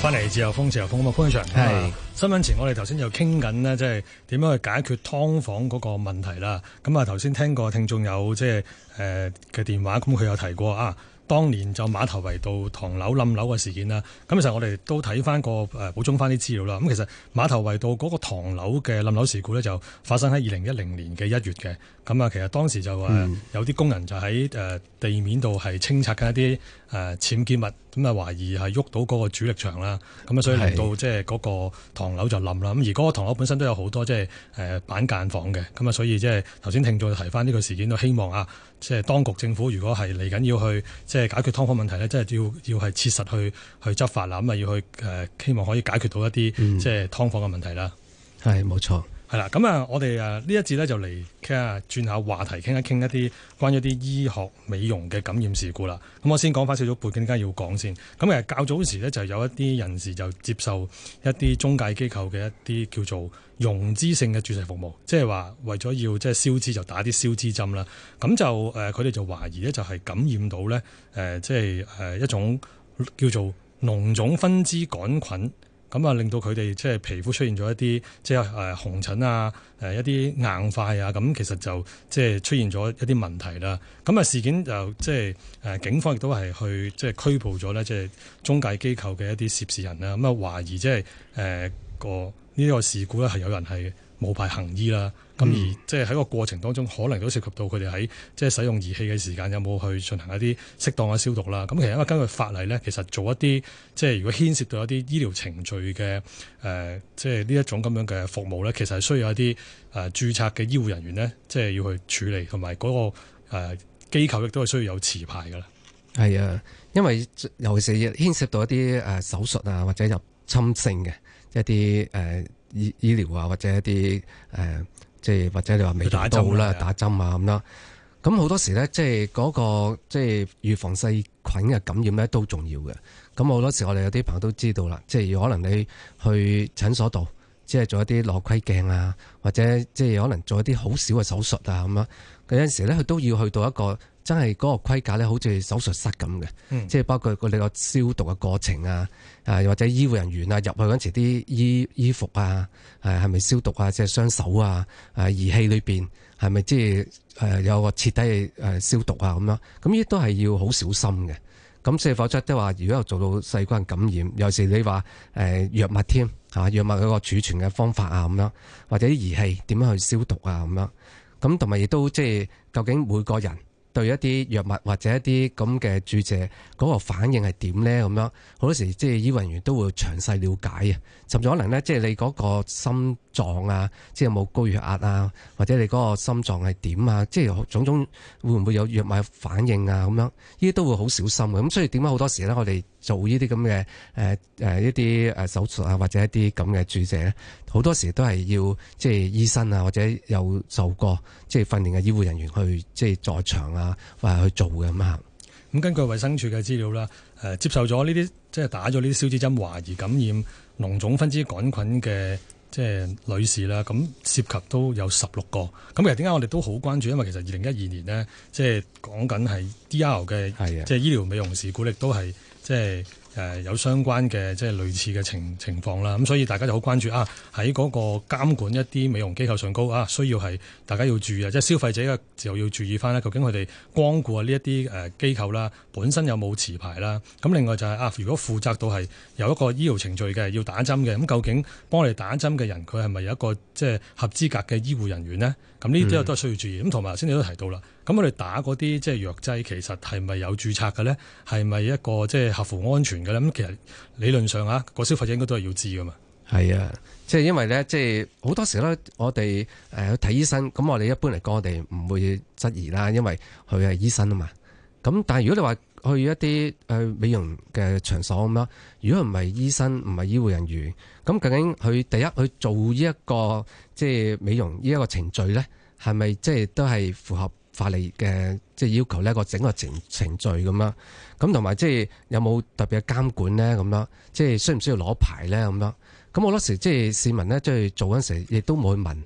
翻嚟自由風，自由風歡啊！潘 Sir 係新聞前，我哋頭先就傾緊呢，即係點樣去解決劏房嗰個問題啦。咁啊，頭先聽過聽眾有即係誒嘅電話，咁、嗯、佢有提過啊。當年就馬頭圍道唐樓冧樓嘅事件啦。咁、啊、其實我哋都睇翻個誒補充翻啲資料啦。咁、啊、其實馬頭圍道嗰個唐樓嘅冧樓事故呢，就發生喺二零一零年嘅一月嘅。咁啊，其實當時就誒、嗯啊、有啲工人就喺誒、呃、地面度係清拆一啲誒僭建物。咁啊，懷疑係喐到嗰個主力牆啦，咁啊，所以嚟到即係嗰個唐樓就冧啦。咁而嗰個唐樓本身都有好多即係誒板間房嘅，咁啊，所以即係頭先聽眾提翻呢個事件，都希望啊，即係當局政府如果係嚟緊要去即係解決劏房問題咧，即係要要係切實去去執法啦。咁啊，要去誒希望可以解決到一啲即係劏房嘅問題啦。係、嗯、冇錯。係啦，咁啊，我哋啊呢一節咧就嚟傾下轉下話題，傾一傾一啲關於啲醫學美容嘅感染事故啦。咁我先講翻少少背景，而家要講先。咁其實較早時咧就有一啲人士就接受一啲中介機構嘅一啲叫做溶脂性嘅注射服務，即係話為咗要即係消脂就打啲消脂針啦。咁就誒佢哋就懷疑咧就係感染到咧誒即係一種叫做膿腫分枝桿菌。咁啊，令到佢哋即係皮膚出現咗一啲即係誒紅疹啊，誒一啲硬塊啊，咁其實就即係出現咗一啲問題啦。咁啊，事件就即係誒警方亦都係去即係拘捕咗咧，即係中介機構嘅一啲涉事人啦。咁啊，懷疑即係誒個呢個事故咧，係有人係冇牌行醫啦，咁而即係喺個過程當中，可能都涉及到佢哋喺即係使用儀器嘅時間有冇去進行一啲適當嘅消毒啦。咁其實因為根據法例咧，其實做一啲即係如果牽涉到一啲醫療程序嘅誒，即係呢一種咁樣嘅服務咧，其實係需要一啲誒註冊嘅醫護人員咧，即係要去處理同埋嗰個誒機構亦都係需要有持牌噶啦。係啊，因為尤其係牽涉到一啲誒手術啊，或者入侵性嘅一啲誒。呃醫醫療啊，或者一啲即係或者你話疫苗啦、打針啊咁啦，咁好多時咧，即係嗰個即係、就是、預防細菌嘅感染咧都重要嘅。咁好多時我哋有啲朋友都知道啦，即係可能你去診所度，即係做一啲內窺鏡啊，或者即係可能做一啲好少嘅手術啊咁樣，嗰陣時咧佢都要去到一個。真係嗰個規格咧，好似手術室咁嘅，即、嗯、係包括你個消毒嘅過程啊，啊或者醫護人員啊入去嗰陣時啲衣衣服啊，係係咪消毒啊？即係雙手啊，啊儀器裏邊係咪即係誒有個徹底誒消毒啊？咁樣咁，亦都係要好小心嘅。咁所以否則即係話，如果有做到細菌感染，有時你話誒藥物添嚇藥物嗰個儲存嘅方法啊，咁樣或者啲儀器點樣去消毒啊，咁樣咁同埋亦都即係究竟每個人。對一啲藥物或者一啲咁嘅注射嗰個反應係點咧？咁樣好多時即係醫護人員都會詳細了解啊，甚至可能咧，即係你嗰個心臟啊，即係有冇高血壓啊，或者你嗰個心臟係點啊？即係種種會唔會有藥物反應啊？咁樣呢啲都會好小心嘅。咁所以點解好多時咧，我哋做呢啲咁嘅誒誒一啲誒手術啊，或者一啲咁嘅注射咧，好多時都係要即係醫生啊，或者有受過即係訓練嘅醫護人員去即係在場啊，或去做嘅咁啊。咁根據衞生署嘅資料啦，誒、呃、接受咗呢啲即係打咗呢啲消脂針，懷疑感染膿腫分枝桿菌嘅即係女士啦，咁涉及都有十六個。咁其實點解我哋都好關注？因為其實二零一二年呢，即係講緊係 D.R. 嘅即係醫療美容事故，亦都係。即係誒有相關嘅即係類似嘅情情況啦，咁所以大家就好關注啊！喺嗰個監管一啲美容機構上高啊，需要係大家要注意啊，即係消費者嘅時候要注意翻咧，究竟佢哋光顧啊呢一啲誒機構啦，本身有冇持牌啦？咁另外就係啊，如果負責到係有一個醫療程序嘅要打針嘅，咁究竟幫你打針嘅人佢係咪有一個即係合資格嘅醫護人員呢？咁呢啲都係需要注意。咁同埋頭先你都提到啦。咁我哋打嗰啲即係藥劑，其實係咪有注冊嘅咧？係咪一個即係合乎安全嘅咧？咁其實理論上啊，個消費者應該都係要知噶嘛。係啊，即係因為咧，即係好多時咧，我哋誒去睇醫生，咁我哋一般嚟講，我哋唔會質疑啦，因為佢係醫生啊嘛。咁但係如果你話去一啲誒美容嘅場所咁咯，如果唔係醫生，唔係醫護人員，咁究竟佢第一佢做呢一個即係美容呢一個程序咧，係咪即係都係符合？法例嘅即係要求呢，個整個程程序，咁啦，咁同埋即係有冇特別嘅監管咧咁啦，即係需唔需要攞牌咧咁啦？咁好多時即係市民咧即係做嗰時，亦都冇去問，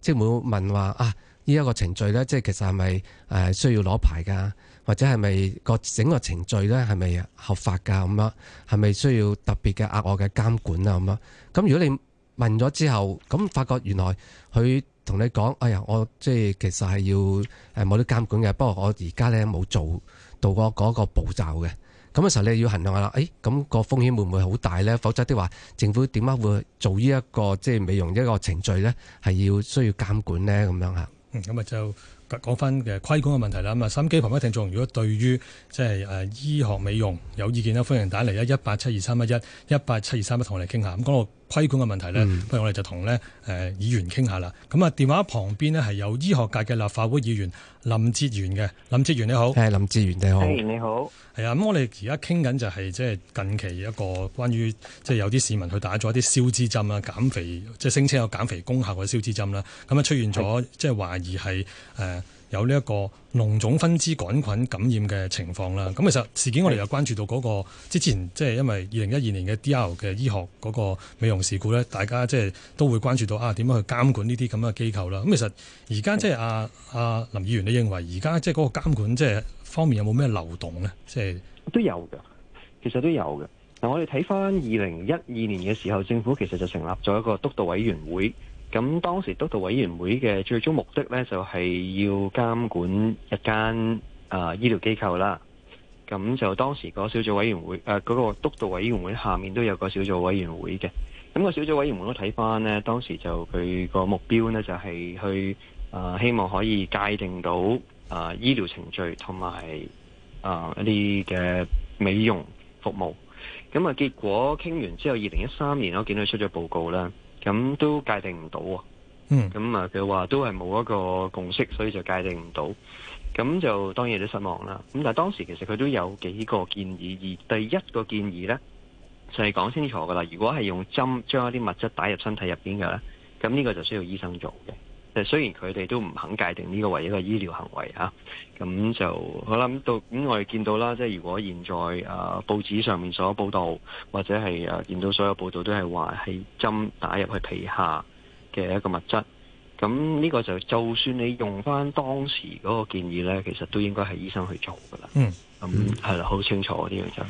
即係冇問話啊，依一個程序咧，即係其實係咪誒需要攞牌噶，或者係咪個整個程序咧係咪合法噶？咁啦，係咪需要特別嘅額外嘅監管啊？咁啦，咁如果你問咗之後，咁發覺原來佢。同你講，哎呀，我即係其實係要誒冇得監管嘅，不過我而家咧冇做到嗰個步驟嘅。咁嘅時候你就要衡量下啦。誒、哎，咁、咁個風險會唔會好大咧？否則啲話，政府點解會做呢一個即係美容一個程序咧？係要需要監管咧？咁樣啊。咁啊就講翻嘅規管嘅問題啦。咁啊，心機旁不聽眾。如果對於即係誒醫學美容有意見咧，歡迎打嚟啦，一八七二三一一，一八七二三一同我哋傾下。咁講到。規管嘅問題咧，嗯，不如我哋就同咧誒議員傾下啦。咁啊，電話旁邊呢係有醫學界嘅立法會議員林哲玄嘅。林哲玄你好，係林哲玄你好，哲玄你好。係啊，咁我哋而家傾緊就係即係近期一個關於即係有啲市民去打咗啲消脂針啊、減肥，即係聲稱有減肥功效嘅消脂針啦。咁啊出現咗即係懷疑係誒，是有呢一個膿腫分枝桿菌感染嘅情況啦，咁其實事件我哋又關注到嗰、嗰個之前即係因為二零一二年嘅 D.R. 嘅醫學嗰個美容事故咧，大家即係都會關注到啊點樣去監管呢啲咁嘅機構啦。咁其實而家即係阿林議員你認為，而家即係嗰個監管即係方面有冇咩漏洞咧？即係都有嘅，其實都有嘅。嗱，我哋睇翻二零一二年嘅時候，政府其實就成立咗一個督導委員會。咁當時督導委員會嘅最終目的呢，就係、是、要監管一間啊、呃、醫療機構啦。咁就當時個小組委員會，誒、呃、嗰、那個督導委員會下面都有個小組委員會嘅。咁、那個小組委員會都睇返呢，當時就佢個目標呢，就係、是、去啊、呃、希望可以界定到啊、呃、醫療程序同埋啊一啲嘅美容服務。咁啊結果傾完之後，二零一三年我見到出咗報告啦。咁都界定唔到啊，咁啊佢話都係冇一個共識，所以就界定唔到，咁就當然都失望啦。咁但係當時其實佢都有幾個建議，而第一個建議呢就係、是、講清楚噶啦，如果係用針將一啲物質打入身體入邊嘅呢，咁呢個就需要醫生做嘅。雖然佢哋都唔肯界定呢個為一個醫療行為啊，咁就好啦，咁到咁、嗯，我哋見到啦，即係如果現在啊、呃、報紙上面所有報道，或者係誒、呃、見到所有報道都係話係針打入去皮下嘅一個物質，咁呢個就就算你用翻當時嗰個建議呢，其實都應該係醫生去做噶啦。嗯，咁係啦，好、嗯、清楚呢樣嘢。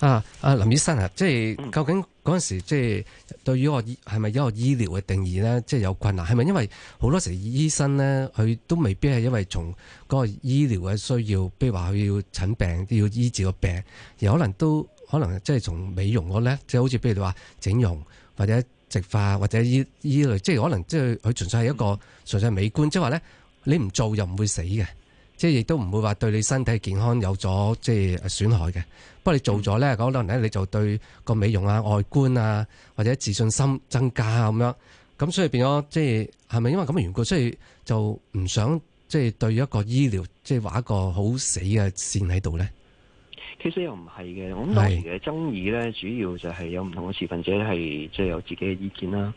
啊！阿林醫生啊，即係究竟嗰陣時，即係對於我係咪一個醫療嘅定義咧，即係有困難？係咪因為好多時醫生咧，佢都未必係因為從嗰個醫療嘅需要，比如話佢要診病、要醫治個病，而可能都可能即係從美容嗰咧，即係好似譬如你話整容或者植髮或者依依類，即係可能即係佢純粹係一個、嗯、純粹係美觀，即係話咧你唔做又唔會死嘅。即係亦都唔會話對你身體健康有咗即係損害嘅。不過你做咗咧，嗰啲人咧你就對個美容啊、外觀啊或者自信心增加啊咁樣。咁所以變咗，即係係咪因為咁嘅緣故，所以就唔想即係對一個醫療即係畫一個好死嘅線喺度咧？其實又唔係嘅，我當時嘅爭議呢，主要就係有唔同嘅持份者係即係有自己嘅意見啦。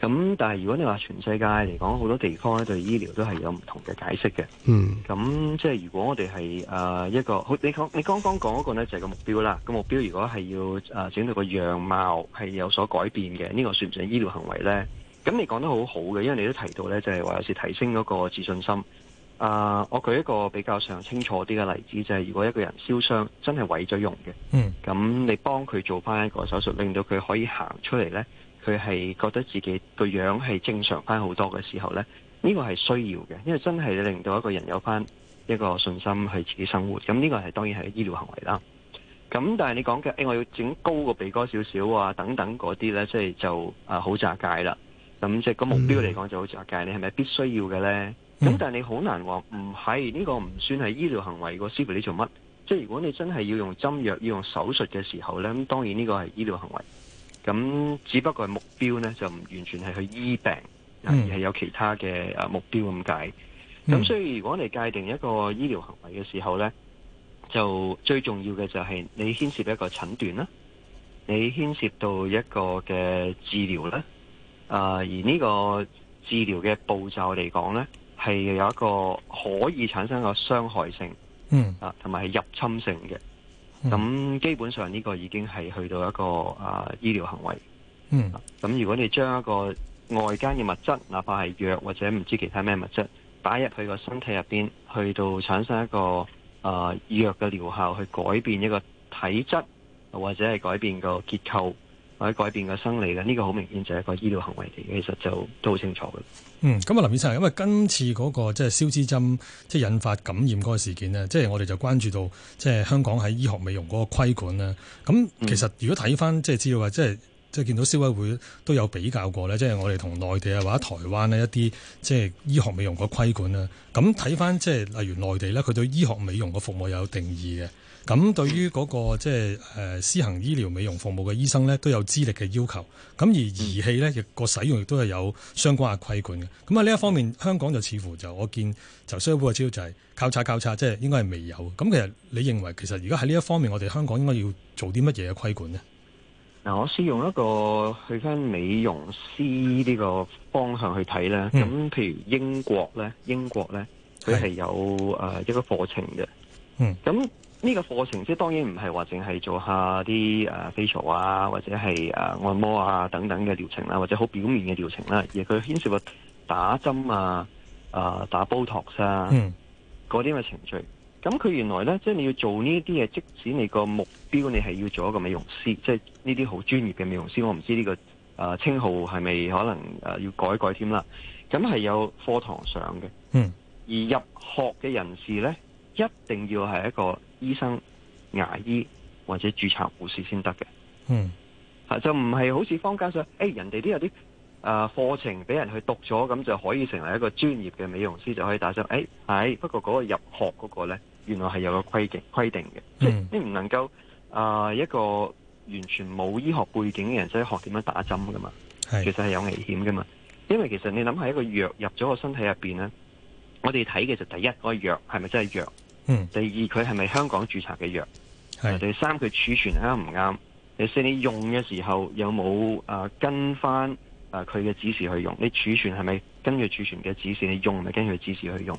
咁但係如果你話全世界嚟講，好多地方咧對醫療都係有唔同嘅解釋嘅。嗯，咁即係如果我哋係誒一個，你講你剛剛講嗰個咧就係個目標啦。個目標如果係要誒整到個樣貌係有所改變嘅，呢個算唔算醫療行為呢？咁你講得好好嘅，因為你都提到呢，就係話有時提升嗰個自信心。啊、uh,！我舉一個比較上清楚啲嘅例子，就係、是，如果一個人燒傷真係毀咗容嘅，咁、mm. 你幫佢做翻一個手術，令到佢可以行出嚟，呢佢係覺得自己個樣係正常翻好多嘅時候呢，呢呢個係需要嘅，因為真係令到一個人有翻一個信心去自己生活，咁呢個係當然係醫療行為啦。咁但係你講嘅誒，我要整高個鼻哥少少啊，等等嗰啲呢，即係就好，是啊，擦界啦。咁即係個目標嚟講就好擦界，mm. 你係咪必須要嘅呢？咁、嗯、但係你好難話唔係，呢個唔算係醫療行為，個師傅你做乜？即係如果你真係要用針藥要用手術嘅時候呢，咁當然呢個係醫療行為。咁只不過係目標呢，就唔完全係去醫病而係有其他嘅目標咁解。咁、嗯、所以如果你界定一個醫療行為嘅時候呢，就最重要嘅就係你牽涉一個診斷啦，你牽涉到一個嘅治療啦、呃。而呢個治療嘅步驟嚟講呢。係有一個可以產生個傷害性，嗯啊，同埋係入侵性嘅。咁、嗯、基本上呢個已經係去到一個啊醫療行為，嗯。咁、啊、如果你將一個外間嘅物質，哪怕係藥或者唔知其他咩物質，打入佢個身體入邊，去到產生一個啊藥嘅療效，去改變一個體質或者係改變個結構。我喺改變個生理嘅，呢、這個好明顯就係一個醫療行為嚟嘅，其實就都好清楚嘅。嗯，咁啊，林醫生，因為今次嗰個即係消脂針即係、就是、引發感染嗰個事件呢，即、就、係、是、我哋就關注到即係、就是、香港喺醫學美容嗰個規管啦。咁其實如果睇翻即係知道啊，即係即係見到消委會都有比較過咧，即、就、係、是、我哋同內地啊或者台灣呢一啲即係醫學美容個規管啦。咁睇翻即係例如內地咧，佢對醫學美容嘅服務有定義嘅。咁對於嗰，那個即係誒施行醫療美容服務嘅醫生咧，都有資歷嘅要求。咁而儀器咧，亦個使用亦都係有相關嘅規管嘅。咁啊，呢一方面香港就似乎就我見就需要補嘅招就係交叉交叉，即係應該係未有。咁其實你認為其實而家喺呢一方面，我哋香港應該要做啲乜嘢嘅規管呢？嗱，我試用一個去翻美容師呢個方向去睇咧。咁，嗯、譬如英國咧，英國咧佢係有誒一個課程嘅。嗯，咁。呢個課程即係當然唔係話淨係做下啲誒 facial 啊，或者係誒按摩啊等等嘅療程啦，或者好表面嘅療程啦，而佢牽涉個打針啊、呃、打 Botox 啊嗰啲咁嘅程序。咁佢原來呢，即係你要做呢啲嘢，即使你個目標你係要做一個美容師，即係呢啲好專業嘅美容師，我唔知呢個誒稱號係咪可能誒要改一改添啦。咁係有課堂上嘅，嗯，而入學嘅人士呢，一定要係一個，醫生、牙醫或者註冊護士先得嘅，嗯，啊、就唔係好似坊間上，誒、哎、人哋都有啲誒課程俾人去讀咗，咁就可以成為一個專業嘅美容師就可以打針，誒、哎、係、哎。不過嗰個入學嗰個呢，原來係有個規定規定嘅，即、嗯、係、就是、你唔能夠啊、呃、一個完全冇醫學背景嘅人即係學點樣打針噶嘛是，其實係有危險噶嘛，因為其實你諗下，一個藥入咗個身體入邊呢，我哋睇嘅就第一嗰、那個藥係咪真係藥？嗯，第二佢係咪香港註冊嘅藥？係第三佢儲存啱唔啱？第四你用嘅時候有冇誒、呃、跟翻誒佢嘅指示去用？你儲存係咪跟住儲存嘅指示？你用咪跟住指示去用？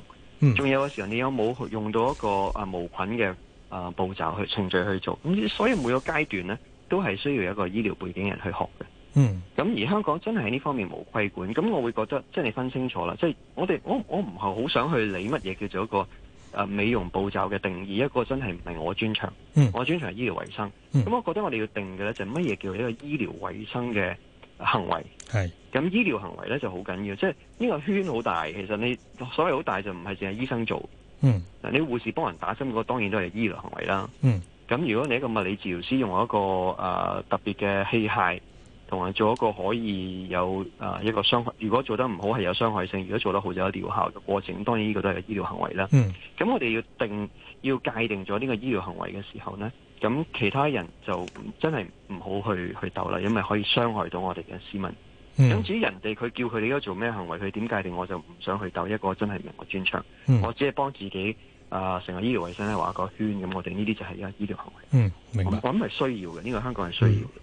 仲、嗯、有嘅時候你有冇用到一個誒、呃、無菌嘅誒、呃、步驟去程序去做？咁所以每個階段咧都係需要一個醫療背景人去學嘅。嗯，咁而香港真係喺呢方面冇規管，咁我會覺得即係你分清楚啦。即、就、係、是、我哋我我唔係好想去理乜嘢叫做一個。誒，美容步驟嘅定義一個真係唔係我專長，嗯、我專長係醫療衛生。咁、嗯、我覺得我哋要定嘅咧，就係乜嘢叫做一個醫療衛生嘅行為？係咁，那醫療行為咧就好緊要，即係呢個圈好大。其實你所謂好大，就唔係淨係醫生做。嗯，嗱，你護士幫人打針，嗰、個、當然都係醫療行為啦。嗯，咁如果你一個物理治療師用一個誒、呃、特別嘅器械。同埋做一個可以有啊、呃、一個傷害，如果做得唔好係有傷害性，如果做得好就有療效嘅過程。咁當然呢個都係醫療行為啦。嗯，咁我哋要定要界定咗呢個醫療行為嘅時候呢，咁其他人就真係唔好去去鬥啦，因為可以傷害到我哋嘅市民。咁、嗯、至於人哋佢叫佢哋而家做咩行為，佢點界定，我就唔想去鬥。一個真係唔係我專長，嗯、我只係幫自己啊成為醫療衞生咧畫個圈。咁我哋呢啲就係一個醫療行為。嗯，明白，我諗係需要嘅，呢、呢個香港係需要嘅。嗯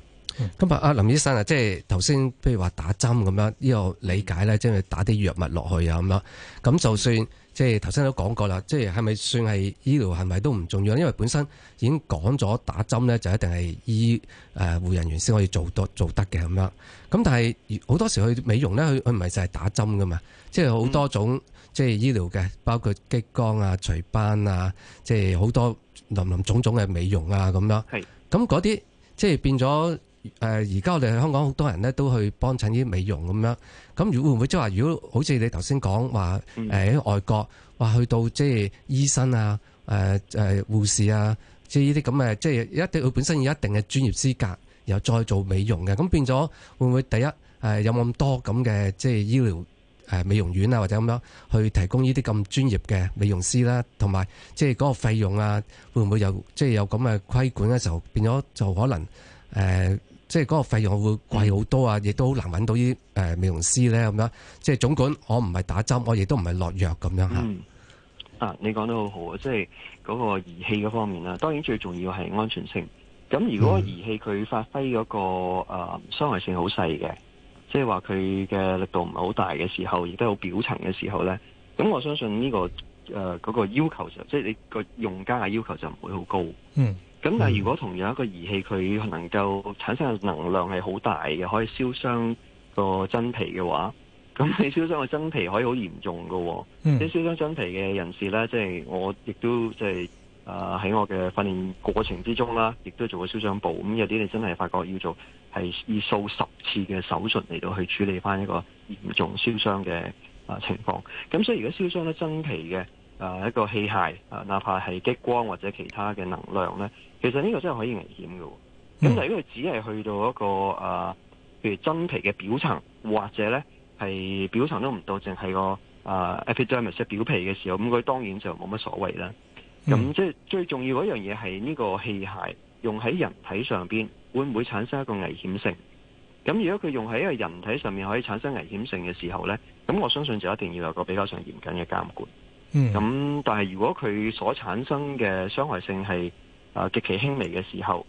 咁阿林醫生啊，即係頭先，譬如話打針咁樣，呢個理解咧，即係打啲藥物落去啊，咁樣。咁就算即係頭先都講過啦，即係係咪算係醫療係咪都唔重要？因為本身已經講咗打針咧，就一定係醫誒護人員先可以做到做得嘅，咁樣。咁但係好多時去美容咧，佢佢唔係就係打針噶嘛，即係好多種即係醫療嘅，包括激光啊、除斑啊，即係好多林林種種嘅美容啊咁樣。係。咁嗰啲即係變咗。誒而家我哋香港好多人咧都去幫襯啲美容咁樣，咁會會唔會即係話如果好似你頭先講話喺外國，話去到即係醫生啊、誒、呃呃、護士啊，即係呢啲咁嘅，即係一定佢本身有一定嘅專業資格，然後再做美容嘅，咁變咗會唔會第一、呃、有冇咁多咁嘅即係醫療、呃、美容院啊或者咁樣去提供呢啲咁專業嘅美容師啦，同埋即係嗰個費用啊，會唔會有即係有咁嘅規管嘅時候變咗就可能誒，呃即係嗰個費用會貴好多啊！亦、嗯、都好難揾到啲誒、呃、美容師咧，咁樣即係總管我唔係打針，我亦都唔係落藥咁樣吓。啊、嗯，你講得好好啊！即係嗰個儀器嗰方面啦，當然最重要係安全性。咁如果儀器佢發揮嗰、那個誒傷、呃、害性好細嘅，即係話佢嘅力度唔係好大嘅時候，亦都係好表層嘅時候咧，咁我相信呢、這個誒嗰、呃那個要求就即係、就是、你個用家嘅要求就唔會好高。嗯。咁但係如果同樣一個儀器，佢能夠產生嘅能量係好大嘅，可以燒傷個真皮嘅話，咁你燒傷個真皮可以好嚴重㗎喎。即、嗯、燒傷真皮嘅人士呢，即係我亦都即係喺我嘅訓練過程之中啦，亦都做過燒傷部。咁有啲你真係發覺要做係以數十次嘅手術嚟到去處理翻一個嚴重燒傷嘅情況。咁所以如果燒傷咧真皮嘅，誒、呃，一個器械，呃、哪怕係激光或者其他嘅能量呢，其實呢個真係可以危險嘅，哦。咁但如果佢只係去到一個誒、呃，譬如真皮嘅表層，或者呢係表層都唔到只是，淨係個誒 epidermis 表皮嘅時候，咁佢當然就冇乜所謂啦。咁即係最重要嗰一樣嘢係呢個器械用喺人體上邊會唔會產生一個危險性？咁如果佢用喺一個人體上面可以產生危險性嘅時候呢，咁我相信就一定要有一個比較上嚴謹嘅監管。咁、嗯，但係如果佢所產生嘅傷害性係啊極其輕微嘅時候，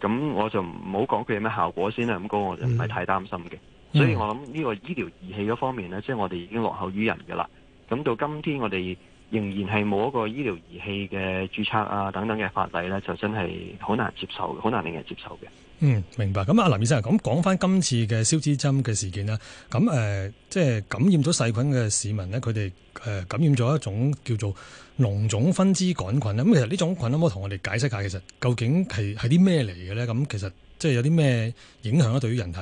咁我就唔好講佢有咩效果先啦。咁嗰我就唔係太擔心嘅。所以我諗呢個醫療儀器嗰方面呢，即、就、係、是、我哋已經落後於人噶啦。咁到今天我哋仍然係冇一個醫療儀器嘅註冊啊等等嘅法例呢，就真係好難接受的，好難令人接受嘅。嗯，明白。咁啊，林醫生，咁講翻今次嘅消脂針嘅事件啦。咁誒，即係感染咗細菌嘅市民呢，佢哋誒感染咗一種叫做膿腫分支桿菌。咁其實呢種菌可唔可以同我哋解釋下，其實究竟係係啲咩嚟嘅咧？咁其實即係有啲咩影響對對於人體？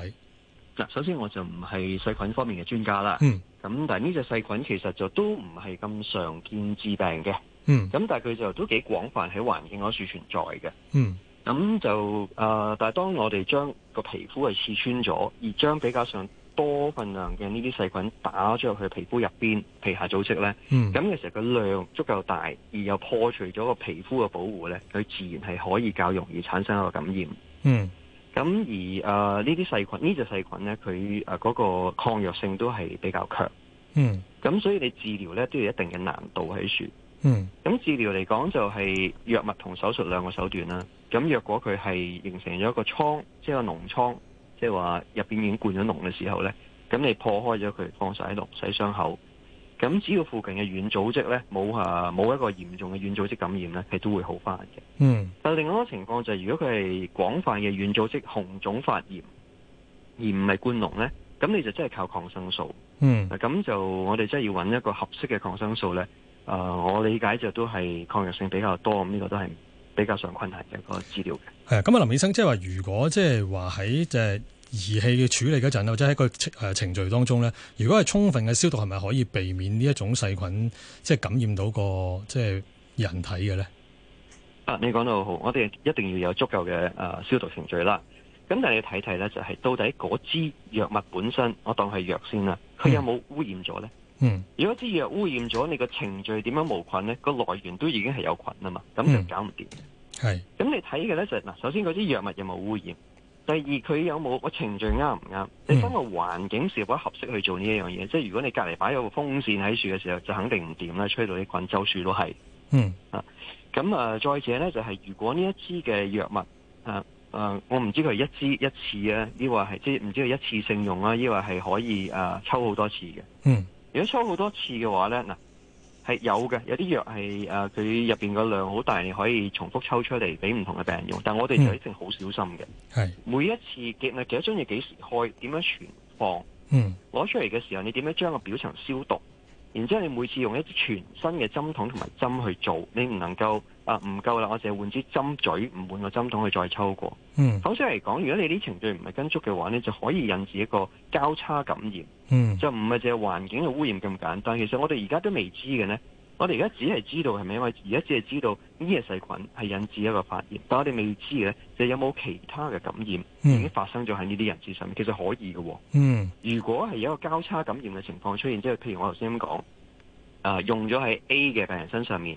嗱，首先我就唔係細菌方面嘅專家啦。咁、嗯、但係呢隻細菌其實就都唔係咁常見致病嘅。咁但係佢就都幾廣泛喺環境嗰處存在嘅。嗯。.咁就誒、呃，但係當我哋將個皮膚係刺穿咗，而將比較上多份量嘅呢啲細菌打咗入去皮膚入邊、皮下組織呢，咁其實個量足夠大，而又破除咗個皮膚嘅保護呢，佢自然係可以較容易產生一個感染。嗯，咁而呢啲、呃、細菌呢隻細菌呢，佢嗰個抗藥性都係比較強。嗯，咁所以你治療呢，都有一定嘅難度喺處。嗯，咁治療嚟講就係、是、藥物同手術兩個手段啦。咁若果佢係形成咗一個瘡，即係個膿瘡，即係話入邊已經灌咗膿嘅時候呢，咁你破開咗佢，放晒膿，洗傷口。咁只要附近嘅軟組織呢，冇冇一個嚴重嘅軟組織感染呢，係都會好翻嘅。嗯，但另外一個情況就係、是、如果佢係廣泛嘅軟組織紅腫發炎，而唔係灌膿呢，咁你就真係靠抗生素。嗯，咁就我哋真係要揾一個合適嘅抗生素呢。誒、呃，我理解就都係抗藥性比較多，呢、嗯，這個都係比較上困難嘅、這個資料嘅。係咁啊，林醫生，即係話，如果即係話喺即係儀器嘅處理嗰陣，或者喺個程序當中咧，如果係充分嘅消毒，係咪可以避免呢一種細菌即係感染到個即係人體嘅咧？啊，你講得好，我哋一定要有足夠嘅誒消毒程序啦。咁但係要睇睇咧，就係到底嗰支藥物本身，我當係藥先啦，佢有冇污染咗咧？嗯嗯，如果支藥污染咗你個程序點樣無菌呢？個來源都已經係有菌啦嘛，咁就搞唔掂。係、嗯，咁你睇嘅呢，就嗱、是，首先嗰啲藥物有冇污染，第二佢有冇個程序啱唔啱？你翻個環境是否合適去做呢一樣嘢，嗯？即係如果你隔籬擺有個風扇喺樹嘅時候，就肯定唔掂啦，吹到啲菌周樹都係。嗯啊，咁啊、呃，再者呢，就係、是，如果呢一支嘅藥物啊啊，我唔知佢一支一次啊，抑或係即唔知佢一次性用啦、啊，抑或係可以啊抽好多次嘅。嗯。如果抽好多次嘅話呢，嗱係有嘅，有啲藥係誒，佢入邊個量好大，你可以重複抽出嚟俾唔同嘅病人用。但我哋就一定好小心嘅，係、嗯、每一次幾咪幾多張要幾時開，點樣存放？嗯，攞出嚟嘅時候，你點樣將個表層消毒？然之後你每次用一支全新嘅針筒同埋針去做，你唔能夠啊唔夠啦，我淨係換支針嘴，唔換個針筒去再抽過。嗯，反相嚟講，如果你啲程序唔係跟足嘅話呢就可以引致一個交叉感染。 就唔係淨係環境嘅污染，咁簡單，但其實我哋而家都未知嘅呢，我哋而家只係知道係咪因為而家只係知道呢個細菌係引致一個發炎，但係我哋未知嘅呢，就是、有冇其他嘅感染已經發生咗喺呢啲人之上面？ 其實可以嘅、哦。嗯， 如果係有一個交叉感染嘅情況出現，即係譬如我頭先咁講，用咗喺 A 嘅病人身上面，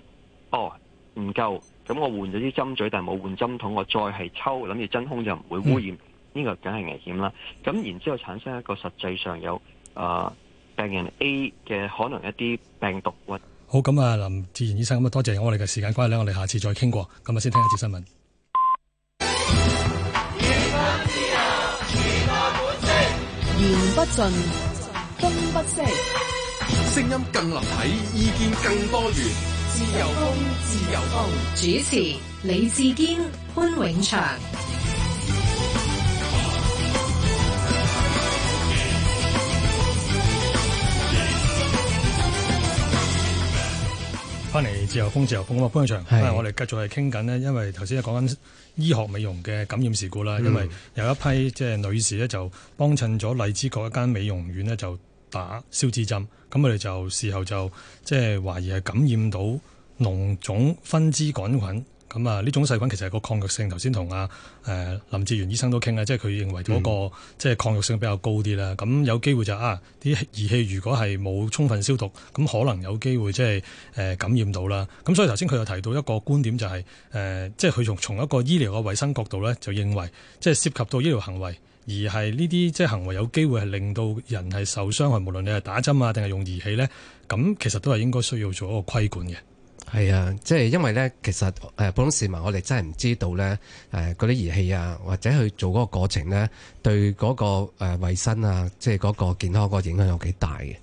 哦唔夠，咁我換咗啲針嘴，但係冇換針筒，我再係抽諗住真空就唔會污染，呢、 呢個梗係危險啦。咁然之後產生一個實際上有。啊！病人 A 嘅可能一啲病毒或好咁啊，阿林哲玄醫生咁啊，多謝我哋嘅時間關係咧，我哋下次再傾過。咁啊，先聽一次新聞。言不盡，風不息，聲音更立體，意見更多元。自由風，自由風。主持：李志堅、潘永祥。翻嚟，自由風自由風，咁嘅觀眾場，我哋繼續係傾緊呢，因為頭先係講緊醫學美容嘅感染事故啦、嗯，因為有一批即係女士咧就幫襯咗荔枝角一間美容院咧就打消脂針，咁我哋就事後就即係、就是、懷疑係感染到膿腫分枝桿菌。咁啊，呢種細菌其實係個抗藥性，頭先同啊誒林哲玄醫生都傾啊，即係佢認為嗰個即係抗藥性比較高啲啦。咁、嗯、有機會就係、啊，啲儀器如果係冇充分消毒，咁可能有機會即係誒感染到啦。咁所以頭先佢又提到一個觀點，就係，就係誒，即係佢從從一個醫療嘅衛生角度咧，就認為即係涉及到醫療行為，而係呢啲即係行為有機會係令到人係受傷害，無論你係打針啊，定係用儀器咧，咁其實都係應該需要做一個規管嘅。係啊，即係因為呢，其實誒，普通市民我哋真係唔知道呢誒，嗰啲儀器啊，或者去做嗰個過程呢，對嗰個誒衛生啊，即係嗰個健康個影響有幾大嘅。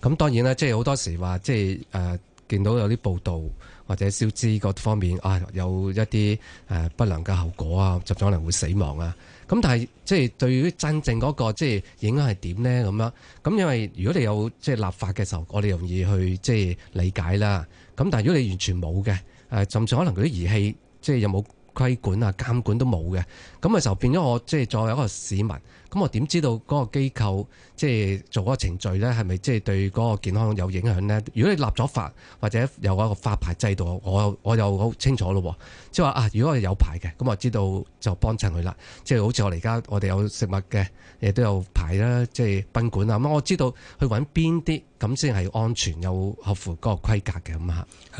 咁當然啦，即係好多時話，即係誒，見到有啲報道或者消脂各方面啊，有一啲誒不良嘅後果啊，就可能會死亡啊。咁但係即係對於真正嗰個即係影響係點呢？咁樣咁因為如果你有即係立法嘅時候，我哋容易去即係理解啦。咁但係如果你完全冇嘅，誒，甚至可能佢啲儀器，即係有冇規管啊、監管都冇嘅，咁啊就變咗我即係作為一個市民，咁我點知道嗰個機構即係做嗰個程序咧係咪即係對嗰個健康有影響咧？如果你立咗法或者有一個發牌制度，我我又好清楚咯，即係話啊，如果我有牌嘅，咁我知道就幫襯佢啦。即係好似我哋而家我哋有食物嘅，亦都有牌啦，即係賓館啊，咁我知道去搵邊啲。咁先係安全又合乎嗰個規格嘅咁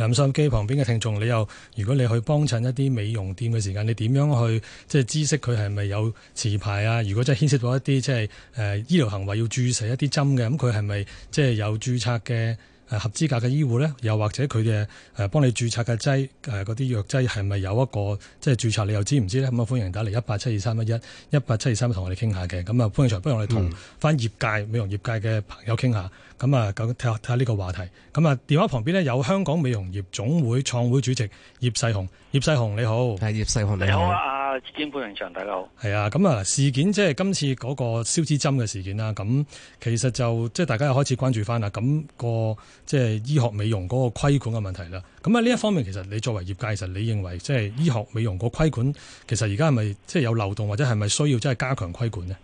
嚇。收音機旁邊嘅聽眾，你又如果你去幫襯一啲美容店嘅時間，你點樣去即係、就是、知識佢係咪有持牌啊？如果真係牽涉到一啲即係誒醫療行為，要注射一啲針嘅，咁佢係咪即係有註冊嘅？合資格嘅醫護咧，又或者佢嘅誒幫你註冊嘅劑誒嗰啲藥劑係咪有一個即係註冊你又知唔知咧？咁啊歡迎打嚟一八七二三一一一八七二三一同我哋傾下嘅。咁啊歡迎，不如我哋同翻業界美容業界嘅朋友傾下。咁啊講睇下呢個話題。咁啊電話旁邊呢，有香港美容業總會創會主席葉世雄。葉世雄你好。係，葉世雄你好。你好兼顧人場，大家好。係啊，咁啊，事件即係今次嗰個燒脂針嘅事件啦。咁其實就即係大家又開始關注翻啦。咁、那個即係、就是、醫學美容嗰個規管嘅問題啦。咁啊，呢一方面其實你作為業界，其實你認為即係醫學美容個規管，其實而家係咪即係有漏洞，或者係咪需要即係加強規管呢？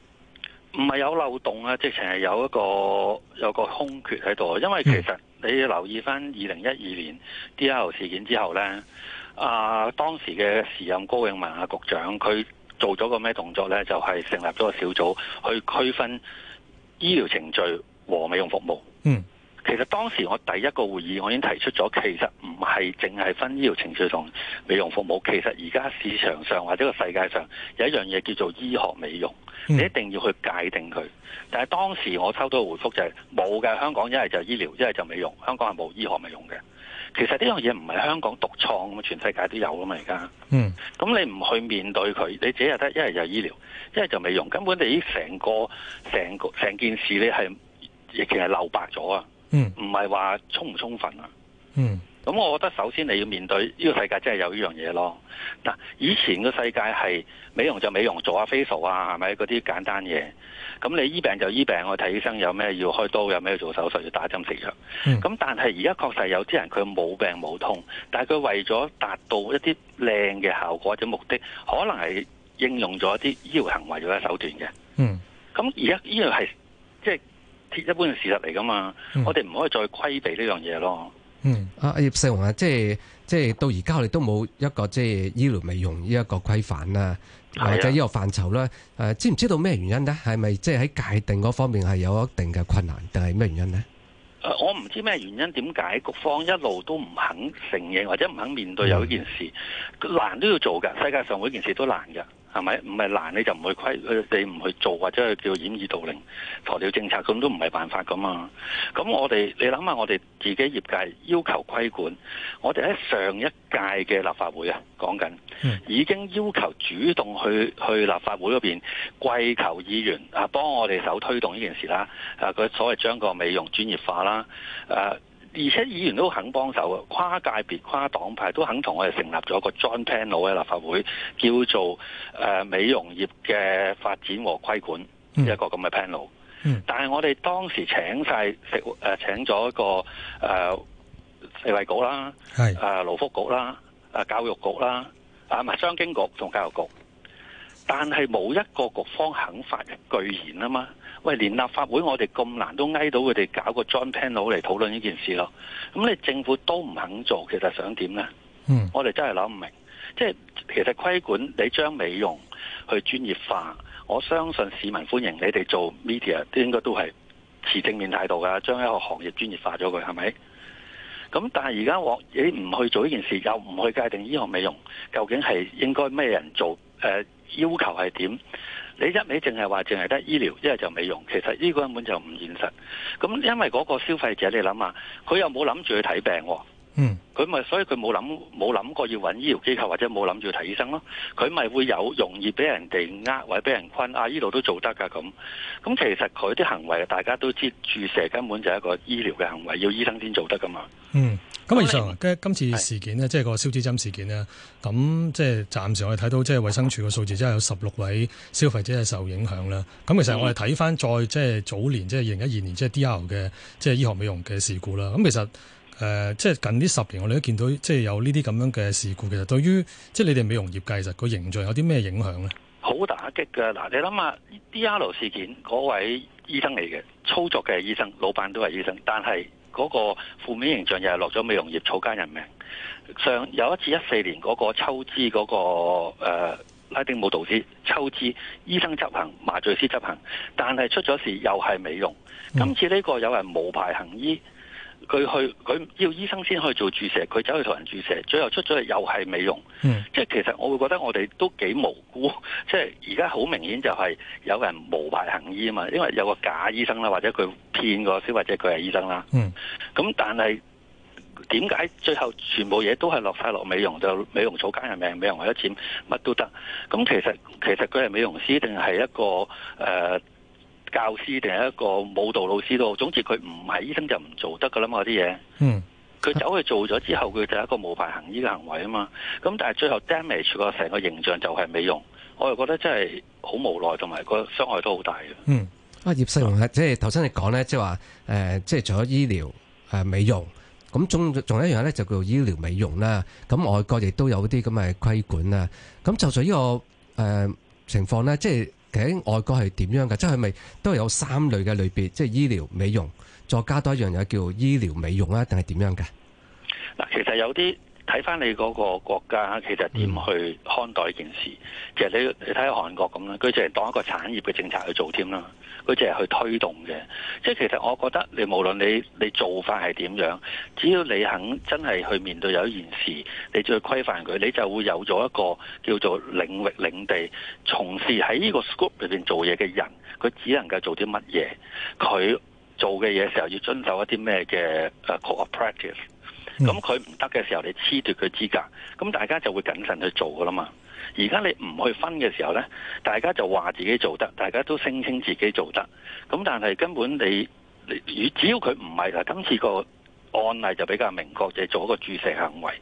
唔係有漏洞啊，直情係有一個有一個空缺喺度。因為其實你留意翻二零一二年 DR 事件之後咧。啊！當時嘅時任高永文啊局長，佢做咗個咩動作呢？就係成立咗個小組去區分醫療程序和美容服務。嗯，其實當時我第一個會議，我已經提出咗，其實唔係淨係分醫療程序同美容服務。其實而家市場上或者個世界上有一樣嘢叫做醫學美容，你一定要去界定佢。但係當時我收到嘅回覆就係冇嘅，香港一係就醫療，一係就美容，香港係冇醫學美容嘅。其實呢樣嘢唔係香港獨創咁，全世界都有噶嘛而家。嗯，咁你唔去面對佢，你自己又得一係就醫療，一係就美容，根本你成個成個成件事你係疫情係漏白咗啊。嗯，唔係話充唔充分啊。嗯。咁我覺得首先你要面對呢個世界真係有呢樣嘢咯。嗱，以前嘅世界係美容就美容，做下 facial 啊，係咪嗰啲簡單嘢？咁你醫病就醫病，我睇醫生有咩要開刀，有咩要做手術，要打針、食、嗯、藥。咁但係而家確實有啲人佢冇病冇痛，但係佢為咗達到一啲靚嘅效果或者目的，可能係應用咗一啲醫療行為嘅手段嘅。嗯。咁而家呢樣係即係一般嘅事實嚟噶嘛？嗯、我哋唔可以再規避呢樣嘢咯。嗯，阿葉世雄啊，即係即係到而家我哋都冇一個即係醫療美容呢一個規範啦，或者呢個範疇啦。誒、呃，知唔知道咩原因咧係咪即係喺界定嗰方面係有一定嘅困難，定係咩原因咧誒、呃，我唔知咩原因，點解局方一路都唔肯承認，或者唔肯面對有一件事，嗯、難都要做噶，世界上每一件事都難噶。係咪唔係難你就唔去規？誒，你唔去做或者叫掩耳盜鈴、鴕鳥政策咁都唔係辦法噶嘛？咁我哋你諗下，我哋自己業界要求規管，我哋喺上一屆嘅立法會啊講緊，已經要求主動去去立法會嗰邊跪求議員啊，幫我哋手推動呢件事啦。啊，佢所謂將個美容專業化啦，誒、啊。而且議員都肯幫手嘅，跨界別、跨黨派都肯同我哋成立咗個 joint panel 喺立法會，叫做誒、呃、美容業嘅發展和規管、嗯、一個咁嘅 panel、嗯。但係我哋當時請晒，食誒請咗個誒食衞、呃、局啦，係誒、呃、勞福局啦，教育局啦，啊唔係商經局同教育局，但係冇一個局方肯發一句言啊嘛。喂，連立法會我哋咁難都挨到佢哋搞個 joint panel 嚟討論呢件事咯，咁你政府都唔肯做，其實想點呢？嗯，我哋真係諗唔明，即係其實規管你將美容去專業化，我相信市民歡迎你哋做 media，應該都係持正面態度噶，將一個行業專業化咗佢係咪？咁但係而家我你唔去做呢件事，又唔去界定醫學美容究竟係應該咩人做？呃，要求係點？你一味淨係話淨係得醫療，一係就美容，其實呢個根本就唔現實。咁因為嗰個消費者，你諗下，佢又冇諗住去睇病。嗯，佢咪所以佢冇諗冇諗過要揾醫療機構，或者冇諗住睇醫生咯，佢咪會有容易俾人哋呃，或者俾人困啊？呢度都做得噶。咁，咁其實佢啲行為大家都知道，注射根本就係一個醫療嘅行為，要醫生先做得噶嘛。嗯，咁以上今次事件咧，即係個消脂針事件呢，咁即係暫時我哋睇到，即係衛生署嘅數字，真係有十六位消費者係受影響啦。咁、嗯、其實我哋睇翻再，即係早年即係二零一二年，即係 D.R. 嘅即係醫學美容嘅事故啦。咁其實誒，即係近呢十年，我哋都見到即係有呢啲咁樣嘅事故。其實對於即係你哋美容業界，其實個形象有啲咩影響咧？好打擊㗎！嗱，你諗下，DRL 事件，嗰位醫生嚟嘅，操作嘅醫生，老闆都係醫生，但係嗰個負面形象又係落咗美容業草菅人命。上有一次一四年嗰個抽脂嗰個、呃、拉丁舞導師抽脂，醫生執行，麻醉師執行，但係出咗事又係美容。嗯、今次呢個有人冇牌行醫。佢去佢要醫生先可以做注射，佢走去同人注射，最後出咗去又係美容。即、嗯、係其實我會覺得我哋都幾無辜。即係而家好明顯就係有人無牌行醫啊嘛，因為有個假醫生啦，或者佢騙過消或者佢係醫生啦。咁、嗯、但係點解最後全部嘢都係落晒落美容？就美容草菅人命，美容為咗錢，乜都得。咁其實其實佢係美容師定係一個誒，呃教師定係一個舞蹈老師都好，總之佢唔係醫生就唔做得噶啦嘛啲嘢。嗯，佢走去做咗之後，佢就係一個無牌行醫嘅行為啊嘛。咁但係最後 damage 個成個形象就係美容，我又覺得真係好無奈同埋個傷害都好大嘅。嗯，啊葉世雄啊，即係頭先你講咧，即係話誒，即係除咗醫療誒美容，咁仲仲有一樣咧就叫做醫療美容啦。咁外國亦都有啲咁嘅規管啦。咁就在呢個誒情況咧，即係。究竟外國係點樣嘅？即係咪都有三類嘅類別，即係醫療、美容，再加多一樣嘢叫醫療美容啊？定係點樣嘅？其實有啲。睇翻你嗰個國家其實點去看待呢件事，其實你你睇下韓國咁啦，佢淨係當一個產業嘅政策去做添啦，佢淨係去推動嘅。即係其實我覺得你無論你你做法係點樣，只要你肯真係去面對有一件事，你再去規範佢，你就會有咗一個叫做領域領地，從事喺呢個 scope 裏面做嘢嘅人，佢只能夠做啲乜嘢，佢做嘅嘢時候要遵守一啲咩嘅誒 cooperative。咁佢唔得嘅時候，你褫奪佢資格，咁大家就會謹慎去做噶啦嘛。而家你唔去分嘅時候咧，大家就話自己做得，大家都聲稱自己做得。咁但係根本你你只要佢唔係啦，今次個案例就比較明確，就是，做一個注射行為，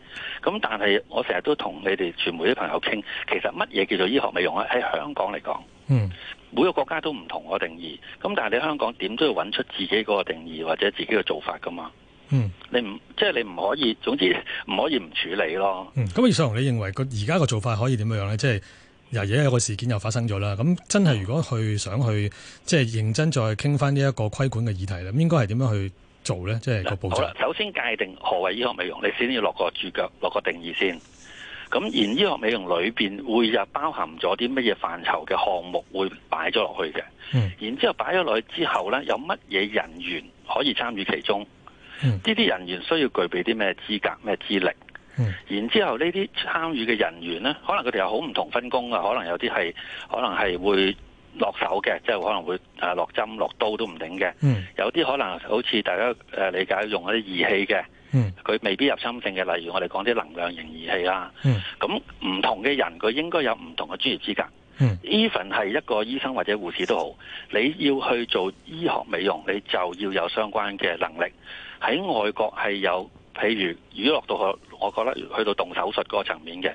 咁但係我成日都同你哋傳媒啲朋友傾，其實乜嘢叫做醫學美容咧？喺香港嚟講，嗯，每個國家都唔同個定義。咁但係你香港點都要揾出自己個定義或者自己嘅做法噶嘛？嗯，你唔即係你唔可以，總之唔可以唔處理咯。嗯，咁葉世雄，你認為個而家個做法可以點樣咧？即係有而家個事件又發生咗啦。咁真係如果去想去即係認真再傾翻呢一個規管嘅議題咧，應該係點樣去做咧？即係個步驟。首先界定何謂醫學美容，你先要落個注腳，落個定義先。咁然，醫學美容裏邊會又包含咗啲乜嘢範疇嘅項目會擺咗落去嘅。嗯。然之後擺咗落去之後咧，有乜嘢人員可以參與其中？呢啲人員需要具備啲咩資格、咩資歷？嗯、然之後呢啲參與嘅人員呢，可能佢哋有好唔同分工啊。可能有啲係，可能係會落手嘅，即、就、係、係、可能會落針、落刀都唔定嘅。有啲可能好似大家、呃、理解用嗰啲儀器嘅，佢、嗯、未必入侵性嘅。例如我哋講啲能量型儀器啦、啊。咁、嗯、唔同嘅人，佢應該有唔同嘅專業資格。Even、嗯、係一個醫生或者護士都好，你要去做醫學美容，你就要有相關嘅能力。喺外國係有，譬如如果落到我，我覺得去到動手術嗰個層面嘅，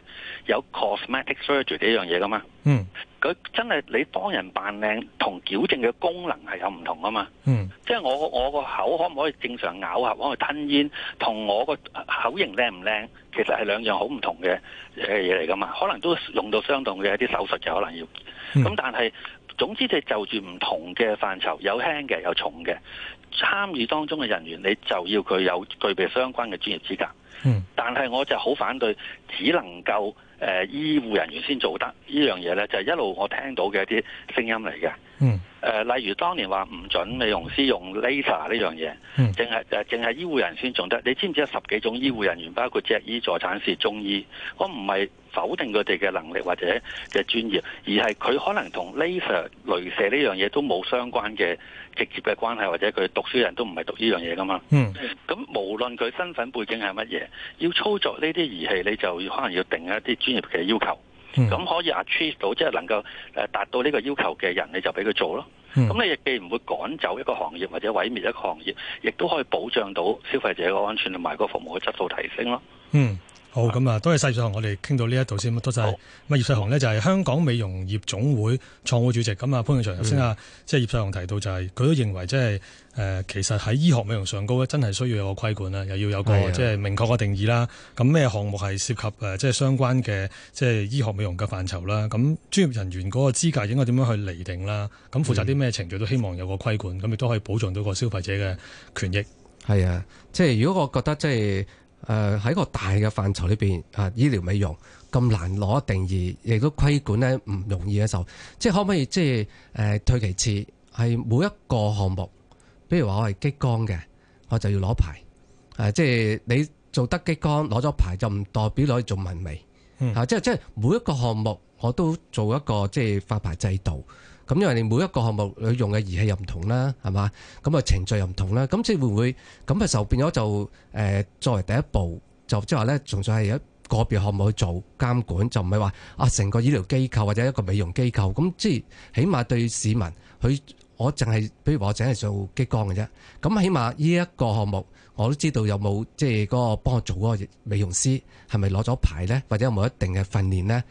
有 cosmetic surgery 呢樣嘢噶嘛？嗯，佢真係你幫人扮靚同矯正嘅功能係有唔同噶嘛？嗯，即係我我個口可唔可以正常咬合，我可以吞嚥，同我個口型靚唔靚，其實係兩樣好唔同嘅嘢嚟噶嘛？可能都用到相同嘅一啲手術就可能要咁、嗯嗯，但係總之是就就住唔同嘅範疇，有輕嘅，有重嘅。參與當中嘅人員，你就要佢有具備相關嘅專業資格。嗯，但係我就好反對，只能夠誒、呃、醫護人員先做得樣呢樣嘢咧，就係、是、一路我聽到嘅一啲聲音嚟嘅。嗯、呃，例如當年話唔準美容師用 laser 呢樣嘢，淨係誒淨係醫護人員先做得。你知唔知有十幾種醫護人員，包括脊醫、助產士、中醫，我唔係，否定佢哋嘅能力或者嘅專業，而係佢可能同 laser 雷射呢樣嘢都冇相關嘅直接嘅關係，或者佢讀書人都唔係讀呢樣嘢噶嘛。嗯，咁無論佢身份背景係乜嘢，要操作呢啲儀器，你就要可能要定一啲專業嘅要求。咁、嗯、可以 attract 到，即係能夠達到呢個要求嘅人，你就俾佢做咯。咁、嗯、你亦既唔會趕走一個行業或者毀滅一個行業，亦都可以保障到消費者嘅安全同埋個服務嘅質素提升咯。嗯。好，咁啊，多謝葉世雄，我哋傾到呢一度先，多謝。咁、哦、啊，葉世雄呢，就係、是、香港美容業總會創會主席。咁、嗯、啊，潘永祥先啊，即係葉世雄提到就係、是，佢都認為即係誒，其實喺醫學美容上高咧，真係需要有個規管啦，又要有個即係明確嘅定義啦。咁咩、啊、項目係涉及誒，即、就、係、是、相關嘅即係醫學美容嘅範疇啦。咁專業人員嗰個資格應該點樣去釐定啦？咁負責啲咩程序都希望有個規管，咁亦、啊、都可以保障到個消費者嘅權益。係啊，即係如果我覺得即係。誒喺個大嘅範疇裏邊，啊，醫療美容咁難攞定義，亦都規管咧唔容易嘅時候，即係可唔可以即係誒、呃、退其次？係每一個項目，比如話我係激光嘅，我就要攞牌。誒即係你做得激光攞咗牌，就唔代表攞嚟做紋眉。嚇、嗯、即係即係每一個項目我都做一個即係發牌制度。咁因為你每一個項目你用嘅儀器又唔同啦，係嘛？咁啊程序又唔同啦，咁即係會唔會咁啊？就變咗就誒作為第一步，就即係話咧，純粹係一個別項目去做監管，就唔係話啊成個醫療機構或者一個美容機構咁，即係起碼對市民佢我淨係，比如話我淨係做激光嘅啫，咁起碼呢一個項目我都知道有冇即係嗰個幫我做嗰個美容師係咪攞咗牌咧，或者有冇一定嘅訓練咧？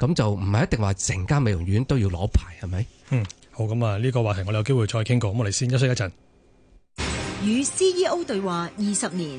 咁就唔係一定話成間美容院都要攞牌，係咪？嗯，好，咁啊呢個話題我哋有機會再傾過，咁我哋先休息一陣。與 CEO 對話二十年。